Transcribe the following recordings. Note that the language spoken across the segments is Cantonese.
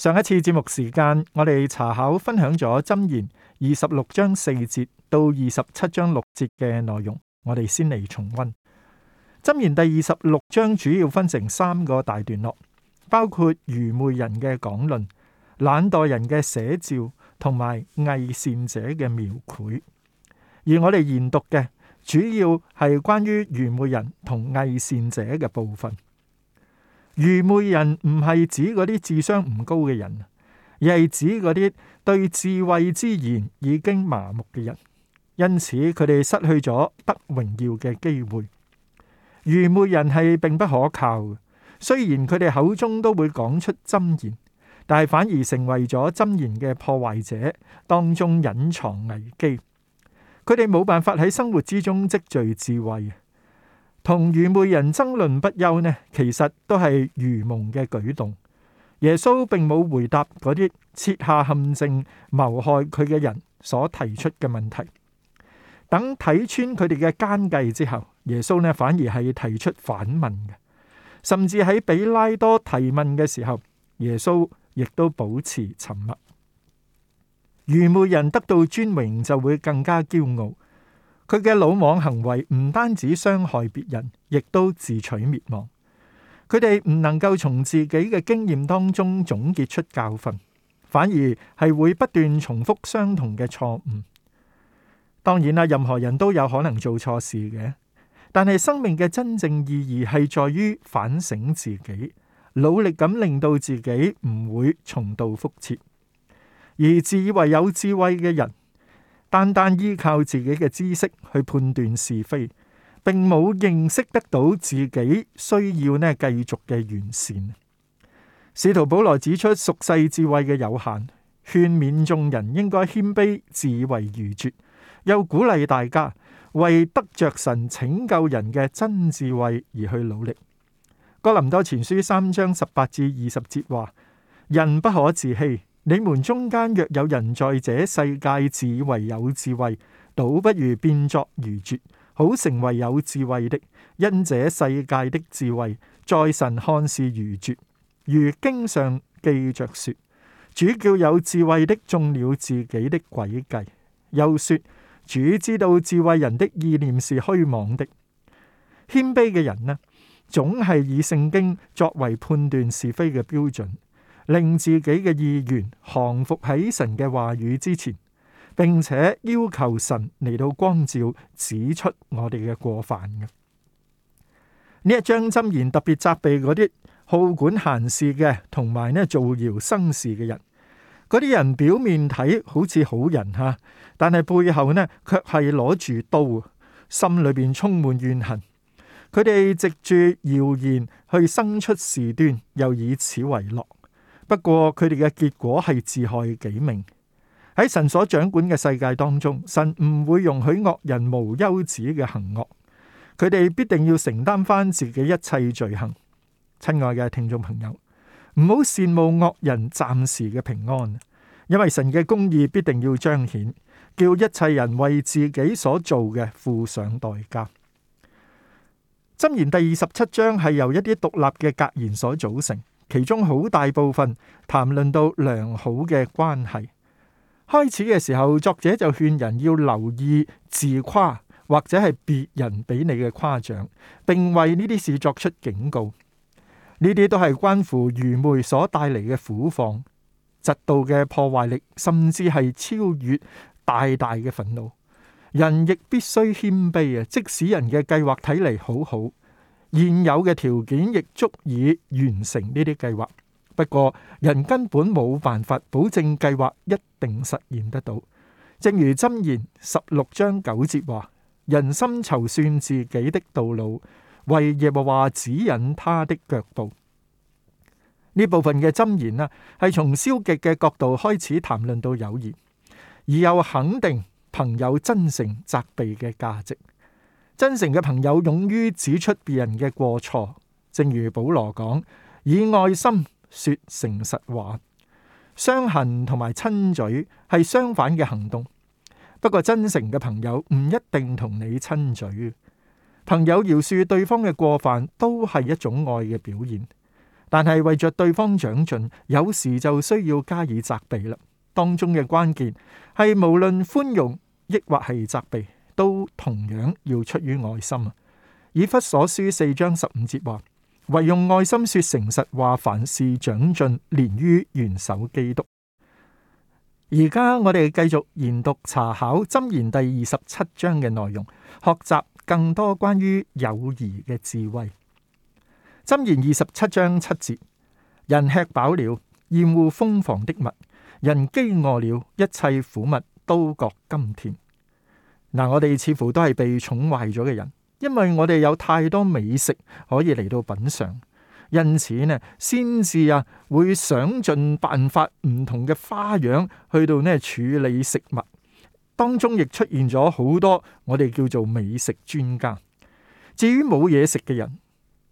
上一次節目時間，我哋查考分享咗《箴言》二十六章四節到二十七章六節嘅內容，我哋先嚟重溫《箴言》第二十六章主要分成三個大段落，包括愚昧人嘅講論、懶惰人嘅寫照同埋偽善者嘅描繪。而我哋研讀嘅主要係關於愚昧人同偽善者嘅部分。愚昧人唔係指嗰啲智商唔高嘅人，而係指嗰啲對智慧之言已經麻木嘅人。因此佢哋失去咗得榮耀嘅機會。愚昧人係並不可靠，雖然佢哋口中都會講出箴言，但係反而成為咗箴言嘅破壞者，當中隱藏危機。佢哋冇辦法喺生活之中積聚智慧。同愚昧人爭論不休呢，其實都係愚蒙嘅舉動。耶穌並冇回答嗰啲設下陷阱、謀害佢嘅人所提出嘅問題。等睇穿佢哋嘅奸計之後，耶穌呢反而係提出反問嘅。甚至喺比拉多提問嘅時候，耶穌亦都保持沉默。愚昧人得到尊榮就會更加驕傲。佢嘅魯莽行為唔單止傷害別人，亦都自取滅亡。佢哋唔能夠從自己嘅經驗當中總結出教訓，反而係會不斷重複相同嘅錯誤。當然啦，任何人都有可能做錯事嘅，但係生命嘅真正意義係在於反省自己，努力咁令到自己唔會重蹈覆轍。而自以為有智慧嘅人，單單依靠自己嘅知識去判斷是非，並冇認識得到自己需要呢繼續嘅完善。使徒保羅指出俗世智慧嘅有限，勸勉眾人應該謙卑、智慧如絕，又鼓勵大家為得着神拯救人嘅真智慧而去努力。哥林多前書三章十八至二十節話：人不可自欺。你們中間若有人在這世界自以為有智慧，倒不如變作愚拙，好成為有智慧的。因這世界的智慧，在神看是愚拙。如經上記着說：主叫有智慧的中了自己的詭計。又說：主知道智慧人的意念是虛妄的。謙卑嘅人呢，總係以聖經作為判斷是非嘅標準。令自己嘅意願降服喺神嘅話語之前，並且要求神嚟到光照指出我哋嘅過犯嘅呢？一張箴言特別責備嗰啲好管閒事嘅，同埋呢造謠生事嘅人。嗰啲人表面睇好似好人吓，但係背後呢卻係攞住刀，心裏邊充滿怨恨。佢哋藉住謠言去生出事端，又以此為樂。不過佢哋嘅結果係自害己命。喺神所掌管嘅世界當中，神唔會容許惡人無休止嘅行惡，佢哋必定要承擔翻自己一切罪行。親愛嘅聽眾朋友，唔好羨慕惡人暫時嘅平安，因為神嘅公義必定要彰顯，叫一切人為自己所做嘅付上代價。箴言第二十七章係由一啲獨立嘅格言所組成。其中好大部分談論到良好嘅關係。開始嘅時候，作者就勸人要留意自誇或者係別人俾你嘅誇獎，並為呢啲事作出警告。呢啲都係關乎愚昧所帶嚟嘅苦況、嫉妒嘅破壞力，甚至係超越大大嘅憤怒。人亦必須謙卑啊！即使人嘅計劃睇嚟好好。現有嘅條件亦足以完成呢啲計劃，不過人根本冇辦法保證計劃一定實現得到。正如箴言十六章九節話：人心籌算自己的道路，為耶和華指引他的腳步。呢部分嘅箴言啦，係從消極嘅角度開始談論到友誼，而有肯定朋友真誠責備嘅價值。真誠嘅朋友勇於指出別人嘅過錯，正如保羅講，以愛心說誠實話。傷痕同埋親嘴係相反嘅行動。不過真誠嘅朋友唔一定同你親嘴。朋友饒恕對方嘅過犯都係一種愛嘅表現，但係為着對方長進，有時就需要加以責備啦。當中嘅關鍵係無論寬容抑或係責備。都同樣要出於愛心啊！以弗所書四章十五節話：唯用愛心説誠實話，凡事長進，連於元首基督。而家我哋繼續研讀查考《箴言》第二十七章嘅內容，學習更多關於友誼嘅智慧。《箴言》二十七章七節：人吃飽了，厭惡蜂房的物；人飢餓了，一切苦物都覺甘甜。嗱，我哋似乎都係被寵壞咗嘅人，因為我哋有太多美食可以嚟到品嘗，因此呢，先至啊會想盡辦法唔同嘅花樣去到呢處理食物，當中亦出現咗好多我哋叫做美食專家。至於冇嘢食嘅人，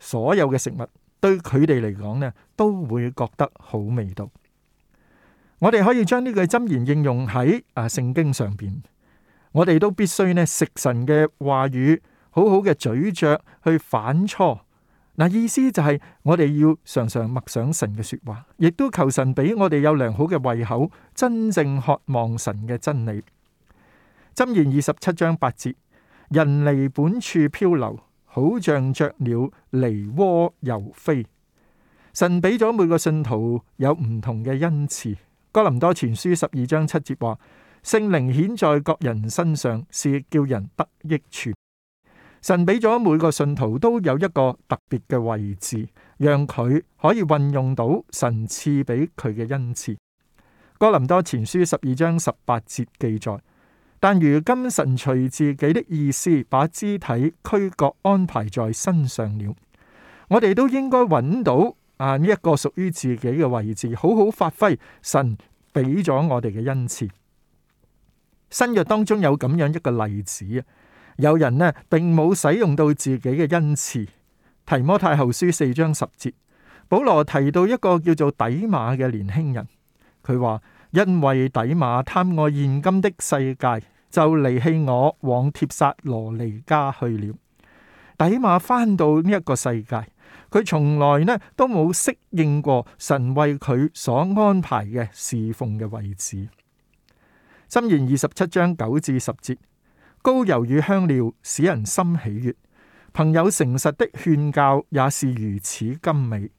所有嘅食物對佢哋嚟講呢，都會覺得好味道。我哋可以將呢句箴言應用喺啊聖經上邊。我哋都必須呢食神嘅話語，好好嘅咀嚼去反芻。嗱，意思就係、是、我哋要常常默想神嘅說話，亦都求神俾我哋有良好嘅胃口，真正渴望神嘅真理。箴言二十七章八節：人離本處漂流，好像雀鳥離窩遊飛。神俾咗每個信徒有唔同嘅恩賜。哥林多前書十二章七節話。聖靈顯在各人身上，是叫人得益處。神俾咗每個信徒都有一個特別嘅位置，讓佢可以運用到神賜俾佢嘅恩賜。哥林多前書十二章十八節記載，但如今神隨自己的意思把肢體俱各安排在身上了。我哋都應該搵到啊呢一個屬於自己嘅位置，好好發揮神俾咗我哋嘅恩賜。新約當中有咁樣一個例子啊，有人呢並冇使用到自己嘅恩賜。提摩太後書四章十節，保羅提到一個叫做底馬嘅年輕人，佢話，因為底馬貪愛現今的世界，就離棄我往帖撒羅尼迦去了。底馬返到呢一個世界，佢從來呢都冇適應過神為佢所安排嘅侍奉嘅位置。箴言二十七章九至十節：膏油與香料使人心喜悅，朋友誠實的勸教也是如此甘美。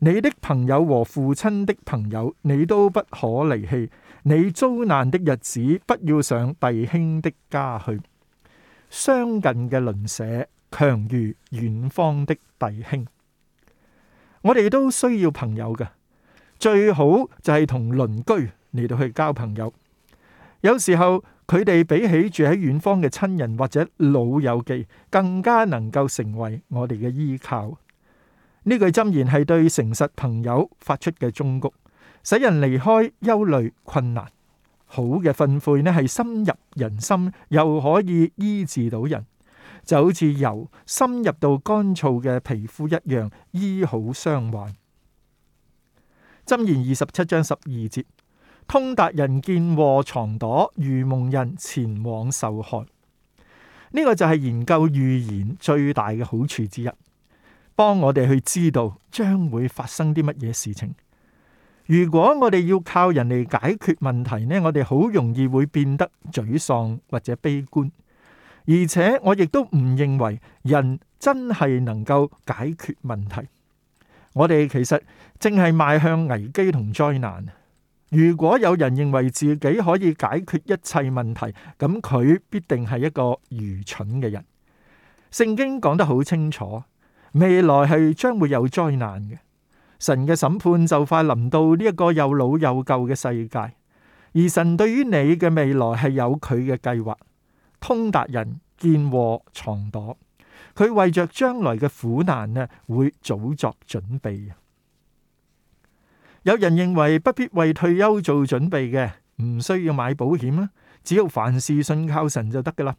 你的朋友和父親的朋友，你都不可離棄。你遭難的日子，不要上弟兄的家去。相近嘅鄰舍強如遠方的弟兄。我哋都需要朋友嘅，最好就係同鄰居嚟到去交朋友。有時候佢哋比起住喺遠方嘅親人或者老友記，更加能夠成為我哋嘅依靠。呢句箴言係對誠實朋友發出嘅忠告，使人離開憂慮困難。好嘅訓誨呢係深入人心，又可以醫治到人，就好似油深入到乾燥嘅皮膚一樣，醫好傷患。箴言二十七章十二節。通達人見禍藏躲，愚蒙人前往受害。呢個就係研究預言最大嘅好處之一，幫我哋去知道將會發生啲乜嘢事情。如果我哋要靠人哋解決問題呢，我哋好容易會變得沮喪或者悲觀，而且我亦都唔認為人真係能夠解決問題。我哋其實正係邁向危機同災難。如果有人認為自己可以解決一切問題，咁佢必定係一個愚蠢嘅人。聖經講得好清楚，未來係將會有災難嘅，神嘅審判就快臨到呢一個又老又舊嘅世界。而神對於你嘅未來係有佢嘅計劃，通達人見禍藏躲，佢為着將來嘅苦難呢，會早作準備。有人認為不必為退休做準備嘅，唔需要買保險啦，只要凡事信靠神就得㗎喇。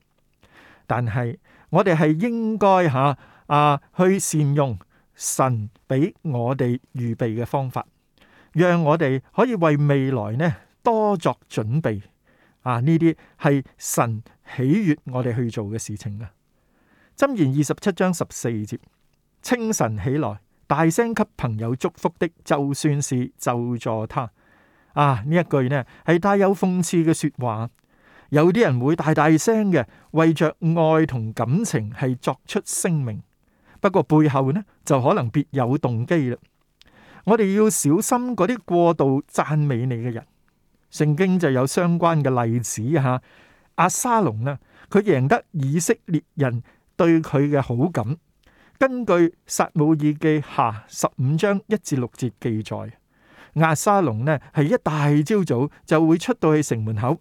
但係我哋係應該吓啊，去善用神俾我哋預備嘅方法，讓我哋可以為未來呢多作準備啊！呢啲係神喜悦我哋去做嘅事情啊。箴言二十七章十四節：清晨起來。大聲給朋友祝福的，就算是咒詛他啊！呢一句呢係帶有諷刺嘅說話，有啲人會大大聲嘅，為着愛同感情係作出聲明，不過背後呢就可能別有動機啦。我哋要小心嗰啲過度讚美你嘅人，聖經就有相關嘅例子吓。押沙龍呢，佢贏得以色列人對佢嘅好感。根據撒母耳記下十五章一至六節記載，阿沙隆呢係一大朝早就會出到去城門口，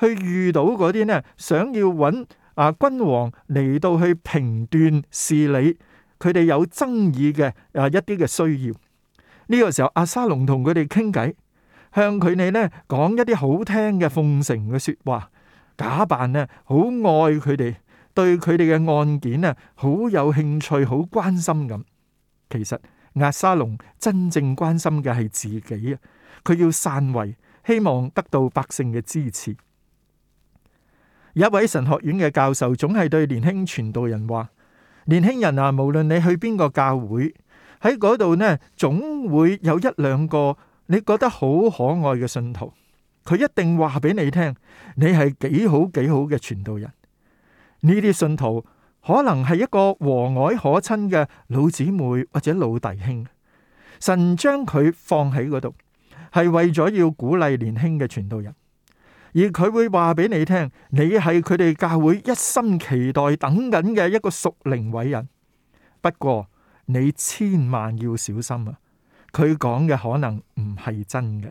去遇到嗰啲呢想要揾啊君王嚟到去評斷事理，佢哋有爭議嘅啊一啲嘅需要。呢個時候，阿沙隆同佢哋傾偈，向佢哋呢講一啲好聽嘅奉承嘅說話，假扮呢好愛佢哋。對佢哋嘅案件啊，好有興趣，好關心咁。其實押沙龍真正關心嘅係自己啊，佢要篡位，希望得到百姓嘅支持。有一位神學院嘅教授，總係對年輕傳道人話：年輕人啊，無論你去邊個教會，喺嗰度呢，總會有一兩個你覺得好可愛嘅信徒，佢一定話俾你聽，你係幾好幾好嘅傳道人。呢啲信徒可能係一個和藹可親嘅老姊妹或者老弟兄，神將佢放喺嗰度，係為咗要鼓勵年輕嘅傳道人，而佢會話俾你聽，你係佢哋教會一心期待等緊嘅一個屬靈偉人。不過你千萬要小心啊！佢講嘅可能唔係真嘅。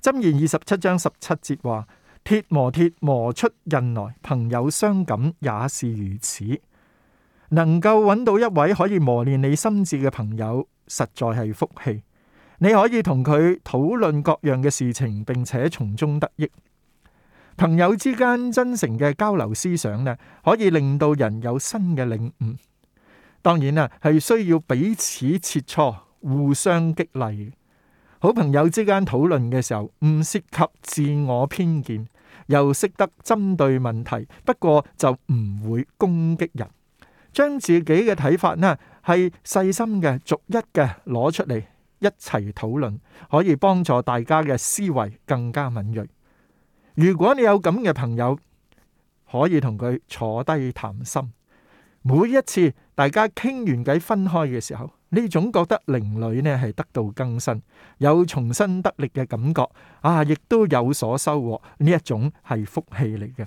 箴言二十七章十七節話。鐵磨鐵磨出刃來，朋友相感也是如此。能夠揾到一位可以磨練你心智嘅朋友，實在係福氣。你可以同佢討論各樣嘅事情，並且從中得益。朋友之間真誠嘅交流思想呢，可以令到人有新嘅領悟。當然啦，係需要彼此切磋，互相激勵。好朋友之間討論嘅時候，唔涉及自我偏見，又識得針對問題，不過就唔會攻擊人，將自己嘅睇法呢，係細心嘅、逐一嘅攞出嚟，一齊討論，可以幫助大家嘅思維更加敏銳。如果你有咁嘅朋友，可以同佢坐低談心。每一次大家傾完偈分開嘅時候，呢種覺得靈裏呢係得到更新，有重新得力嘅感覺啊，亦都有所收穫。呢一種係福氣嚟嘅。《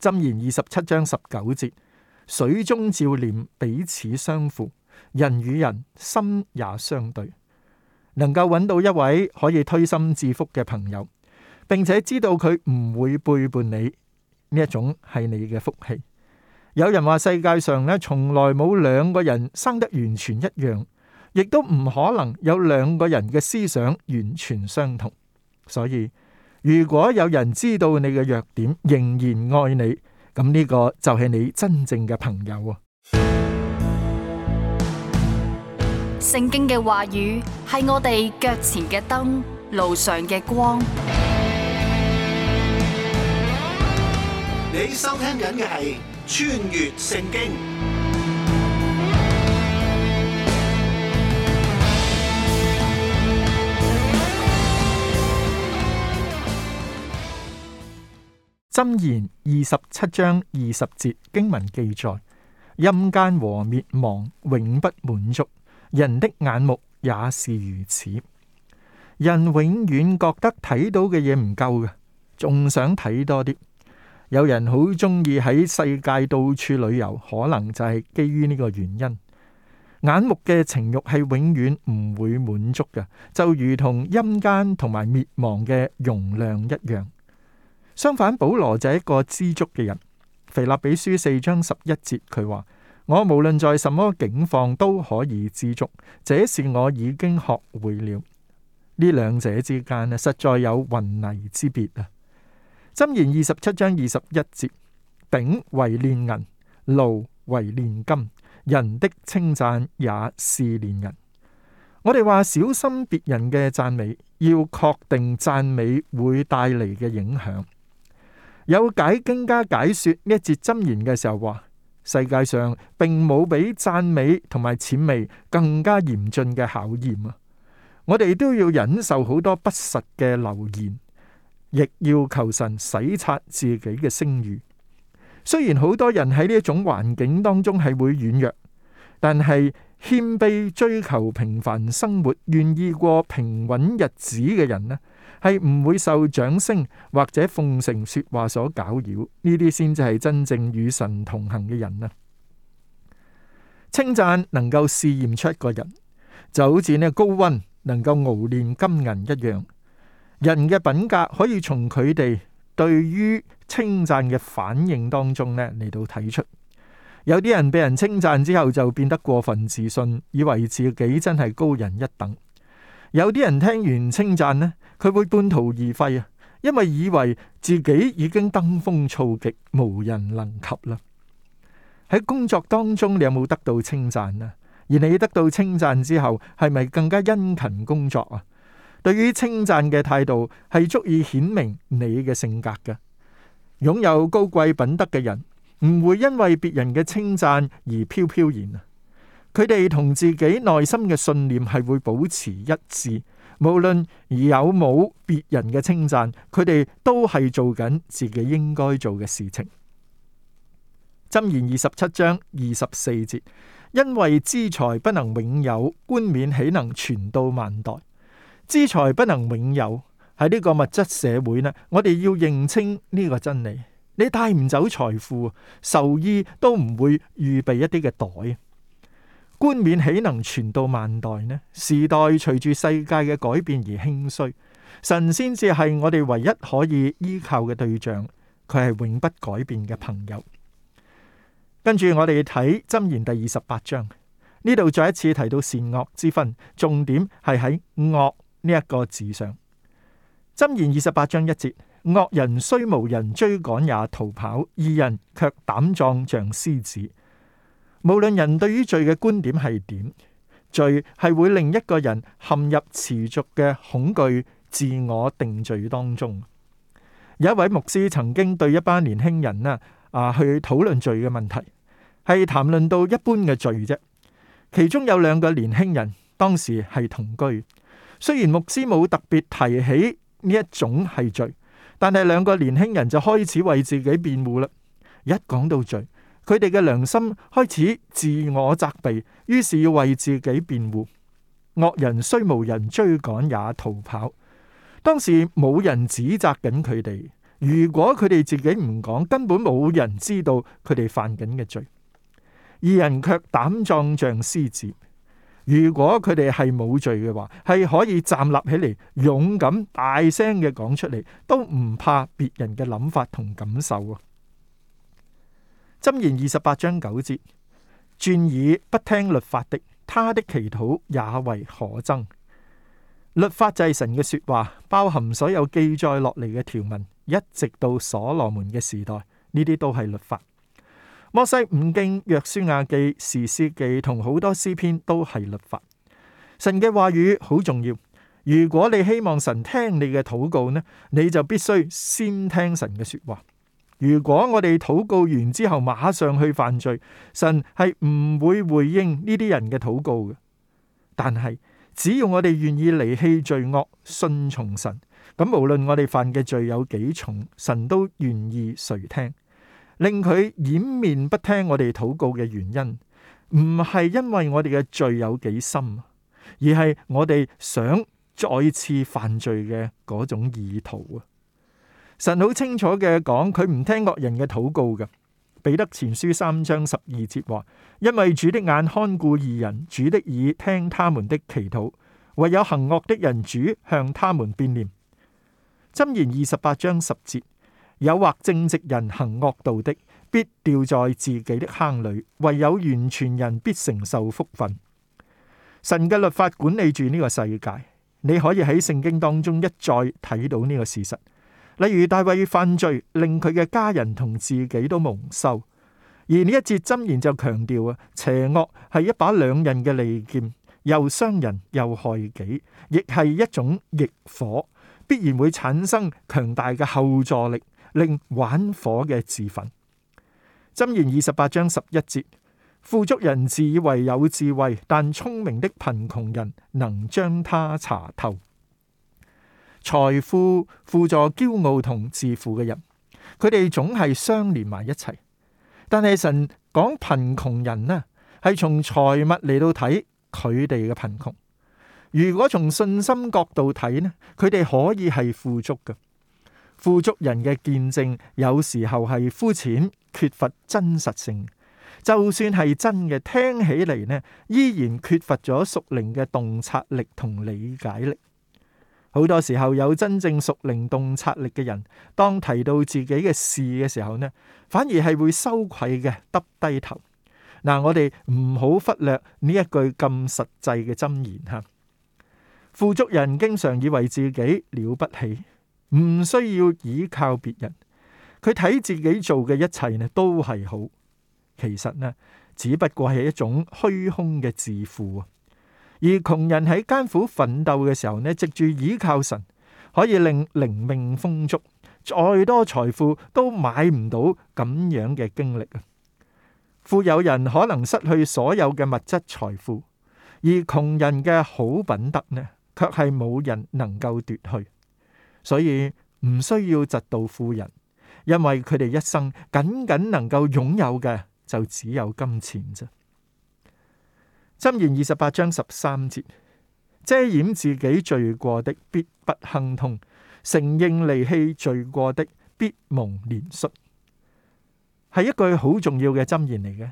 箴言》二十七章十九節：水中照臉，彼此相符；人與人心也相對。能夠揾到一位可以推心置腹嘅朋友，並且知道佢唔會背叛你，呢一種係你嘅福氣。有人話世界上咧，從來冇兩個人生得完全一樣，亦都唔可能有兩個人嘅思想完全相同。所以如果有人知道你嘅弱點，仍然愛你，咁呢個就係你真正嘅朋友啊！聖經嘅話語係我哋腳前嘅燈，路上嘅光。你收聽緊嘅係。穿越聖經，箴言二十七章二十節經文記載：陰間和滅亡永不滿足，人的眼目也是如此。人永遠覺得睇到嘅嘢唔夠嘅，仲想睇多啲。有人好中意喺世界到處旅遊，可能就係基於呢個原因。眼目嘅情欲係永遠唔會滿足嘅，就如同陰間同埋滅亡嘅容量一樣。相反，保羅就係一個知足嘅人。腓立比書四章十一節，佢話：我無論在什麼境況都可以知足，這是我已經學會了。呢兩者之間咧，實在有雲泥之別啊！箴言二十七章二十一節，鼎為煉銀，爐為煉金，人的稱讚也是煉人。我哋話小心別人嘅讚美，要確定讚美會帶嚟嘅影響。有解經家解說呢一節箴言嘅時候，話世界上並冇比讚美同埋淺味更加嚴峻嘅考驗啊！我哋都要忍受好多不實嘅流言。亦要求神洗刷自己嘅聲譽。雖然好多人喺呢一種環境當中係會軟弱，但係謙卑追求平凡生活，願意過平穩日子嘅人呢，係唔會受掌聲或者奉承說話所攪擾。呢啲先至係真正與神同行嘅人啊！稱讚能夠試驗出一個人，就好似呢高溫能夠熬煉金銀一樣。人嘅品格可以從佢哋對於稱讚嘅反應當中呢嚟到睇出。有啲人被人稱讚之後就變得過分自信，以為自己真係高人一等；有啲人聽完稱讚呢，佢會半途而廢啊，因為以為自己已經登峰造極，無人能及啦。喺工作當中，你有冇得到稱讚啊？而你得到稱讚之後，係咪更加殷勤工作啊？對於稱讚嘅態度係足以顯明你嘅性格嘅。擁有高貴品德嘅人唔會因為別人嘅稱讚而飄飄然啊。佢哋同自己內心嘅信念係會保持一致，無論有冇別人嘅稱讚，佢哋都係做緊自己應該做嘅事情。《箴言》二十七章二十四節：因為資財不能永有，冠冕豈能傳到萬代？資財不能永有，喺呢個物質社會呢，我哋要認清呢個真理。你帶唔走財富，壽衣都唔會預備一啲嘅袋。冠冕豈能傳到萬代呢？時代隨住世界嘅改變而興衰，神先至係我哋唯一可以依靠嘅對象。佢係永不改變嘅朋友。跟住我哋睇箴言第二十八章，呢度再一次提到善惡之分，重點係喺惡呢一個字上，箴言二十八章一節，惡人雖無人追趕也逃跑，義人卻膽壯像獅子。無論人對於罪嘅觀點係點，罪係會令一個人陷入持續嘅恐懼、自我定罪當中。有一位牧師曾經對一班年輕人呢啊，去討論罪嘅問題，係談論到一般嘅罪啫。其中有兩個年輕人當時係同居。雖然牧師冇特別提起呢一種係罪，但係兩個年輕人就開始為自己辯護啦。一講到罪，佢哋嘅良心開始自我責備，於是要為自己辯護。惡人雖無人追趕，也逃跑。當時冇人指責緊佢哋，如果佢哋自己唔講，根本冇人知道佢哋犯緊嘅罪。二人卻膽壯，像獅子。如果佢哋係冇罪嘅話，係可以站立起嚟，勇敢大聲嘅講出嚟，都唔怕別人嘅諗法同感受啊。箴言二十八章九節：轉耳不聽律法的，他的祈禱也為可憎。律法制神嘅說話，包含所有記載落嚟嘅條文，一直到所羅門嘅時代，呢啲都係律法。摩西五經、約書亞記、士師記同好多詩篇都係律法，神嘅話語好重要。如果你希望神聽你嘅禱告呢，你就必須先聽神嘅說話。如果我哋禱告完之後馬上去犯罪，神係唔會回應呢啲人嘅禱告嘅。但係只要我哋願意離棄罪惡，順從神，咁無論我哋犯嘅罪有幾重，神都願意垂聽。令佢掩面不聽我哋禱告嘅原因，唔係因為我哋嘅罪有幾深，而係我哋想再次犯罪嘅嗰種意圖啊！神好清楚嘅講，佢唔聽惡人嘅禱告嘅。彼得前書三章十二節話：因為主的眼看顧義人，主的耳聽他們的祈禱，唯有行惡的人，主向他們變臉」。箴言二十八章十節。誘惑正直人行惡道的，必掉在自己的坑裏；唯有完全人必承受福分。神嘅律法管理住呢個世界，你可以喺聖經當中一再睇到呢個事實。例如大衛犯罪，令佢嘅家人同自己都蒙羞，而呢一節箴言就強調啊，邪惡係一把兩刃嘅利劍，又傷人又害己，亦係一種逆火，必然會產生強大嘅後座力。令玩火嘅自焚。箴言二十八章十一節：富足人自以為有智慧，但聰明的貧窮人能將他查透。財富輔助驕傲同自負嘅人，佢哋總係相連埋一齊。但係神講貧窮人呢，係從財物嚟到睇佢哋嘅貧窮。如果從信心角度睇呢，佢哋可以係富足嘅。富足人嘅見證有時候係膚淺，缺乏真實性。就算係真嘅，聽起嚟呢，依然缺乏咗屬靈嘅洞察力同理解力。好多時候，有真正屬靈洞察力嘅人，當提到自己嘅事嘅時候呢，反而係會羞愧嘅，耷低頭。嗱，我哋唔好忽略呢一句咁實際嘅箴言吓。富足人經常以為自己了不起，唔需要依靠別人，佢睇自己做嘅一切呢，都係好。其實呢，只不過係一種虛空嘅自負啊。而窮人喺艱苦奮鬥嘅時候呢，藉住依靠神，可以令靈命豐足。再多財富都買唔到咁樣嘅經歷。富有人可能失去所有嘅物質財富，而窮人嘅好品德呢，卻係冇人能夠奪去。所以唔需要窒到富人，因為佢哋一生僅僅能夠擁有嘅就只有金錢啫。箴言二十八章十三節，遮掩自己罪過的必不亨通，承認離棄罪過的必蒙憐恤，係一句好重要嘅箴言嚟嘅。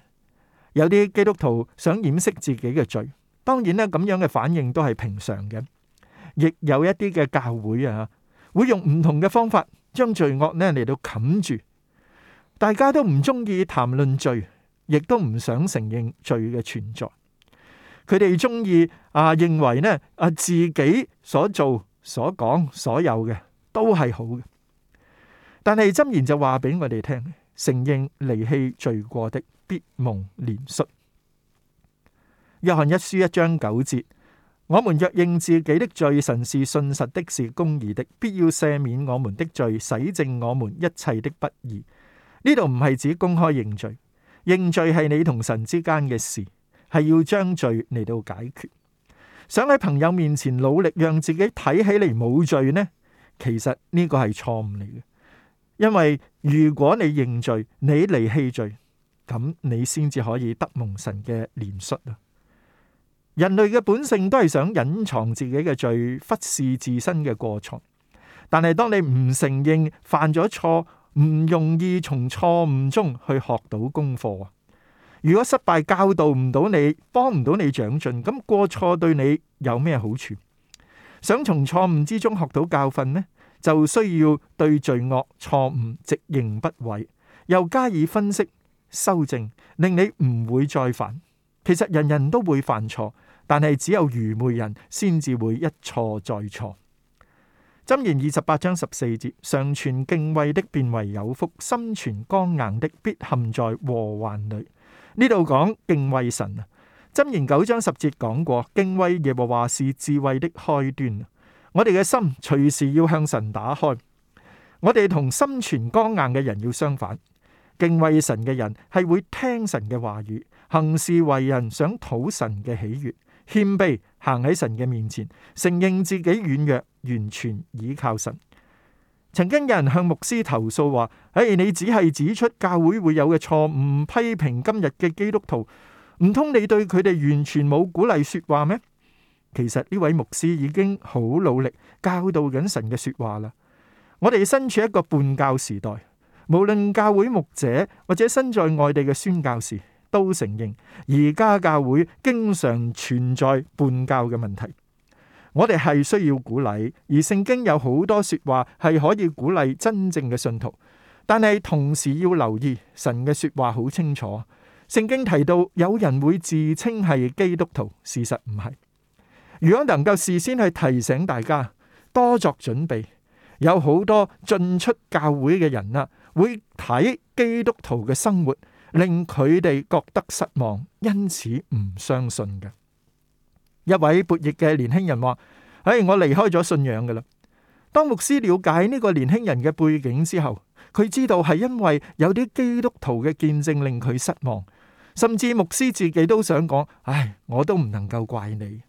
有啲基督徒想掩飾自己嘅罪，當然咧，咁樣嘅反應都係平常嘅，亦有一啲嘅教會啊。會用唔同嘅方法將罪惡呢嚟到冚住，大家都唔中意談論罪，亦都唔想承認罪嘅存在。佢哋中意啊，認為呢啊，自己所做所講所有嘅都係好嘅，但係箴言就話俾我哋聽，承認離棄罪過的必蒙憐恤。約翰一書一章九節。我們若認自己的罪，神是信實的，是公義的，必要赦免我們的罪，洗淨我們一切的不義。呢度唔係指公開認罪，認罪係你同神之間嘅事，係要將罪嚟到解決。想喺朋友面前努力讓自己睇起嚟冇罪呢？其實呢個係錯誤嚟嘅，因為如果你認罪，你離棄罪，咁你先至可以得蒙神嘅憐恤。人類嘅本性都係想隱藏自己嘅罪，忽視自身嘅過錯。但係當你唔承認犯咗錯，唔容易從錯誤中去學到功課。如果失敗教導唔到你，幫唔到你長進，咁過錯對你有咩好處？想從錯誤之中學到教訓呢，就需要對罪惡、錯誤直認不諱，又加以分析修正，令你唔會再犯。其實人人都會犯錯。但係只有愚昧人先至會一錯再錯。箴言二十八章十四節：常存敬畏的便為有福，心存剛硬的必陷在禍患裏。呢度講敬畏神啊。箴言九章十節講過，敬畏耶和華是智慧的開端。我哋嘅心隨時要向神打開。我哋同心存剛硬嘅人要相反。敬畏神嘅人係會聽神嘅話語，行事為人想討神嘅喜悦。謙卑行喺神嘅面前，承認自己軟弱，完全倚靠神。曾經有人向牧師投訴話：哎、hey，你只係指出教會會有嘅錯誤，批評今日嘅基督徒，唔通你對佢哋完全冇鼓勵說話咩？其實呢位牧師已經好努力教導緊神嘅說話啦。我哋身處一個叛教時代，無論教會牧者或者身在外地嘅宣教士，都承認，而家教會經常存在叛教嘅問題。我哋係需要鼓勵，而聖經有好多說話係可以鼓勵真正嘅信徒。但係同時要留意，神嘅說話好清楚。聖經提到有人會自稱係基督徒，事實唔係。如果能夠事先去提醒大家，多作準備，有好多進出教會嘅人啊，會睇基督徒嘅生活。令佢哋覺得失望，因此唔相信嘅一位叛逆嘅年輕人話，哎，我離開咗信仰㗎喇。當牧師了解呢個年輕人嘅背景之後，佢知道係因為有啲基督徒嘅見證令佢失望，甚至牧師自己都想講，唉，我都唔能夠怪你。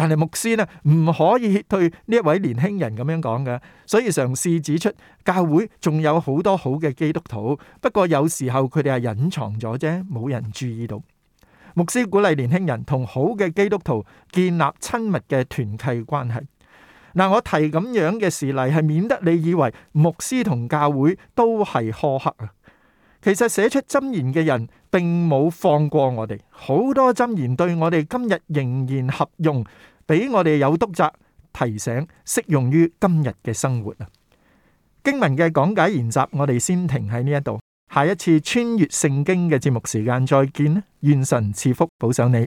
但係牧師呢，唔可以對呢一位年輕人咁樣講嘅，所以嘗試指出教會仲有好多好嘅基督徒，不過有時候佢哋係隱藏咗啫，冇人注意到。牧師鼓勵年輕人同好嘅基督徒建立親密嘅團契關係。嗱，我提咁樣嘅事例係免得你以為牧師同教會都係苛刻啊。其實寫出箴言嘅人，並冇放過我哋，好多箴言對我哋今日仍然合用，俾我哋有督責提醒，適用於今日嘅生活啊！經文嘅講解研習，我哋先停喺呢一度，下一次穿越聖經嘅節目時間再見啦！願神賜福保守你。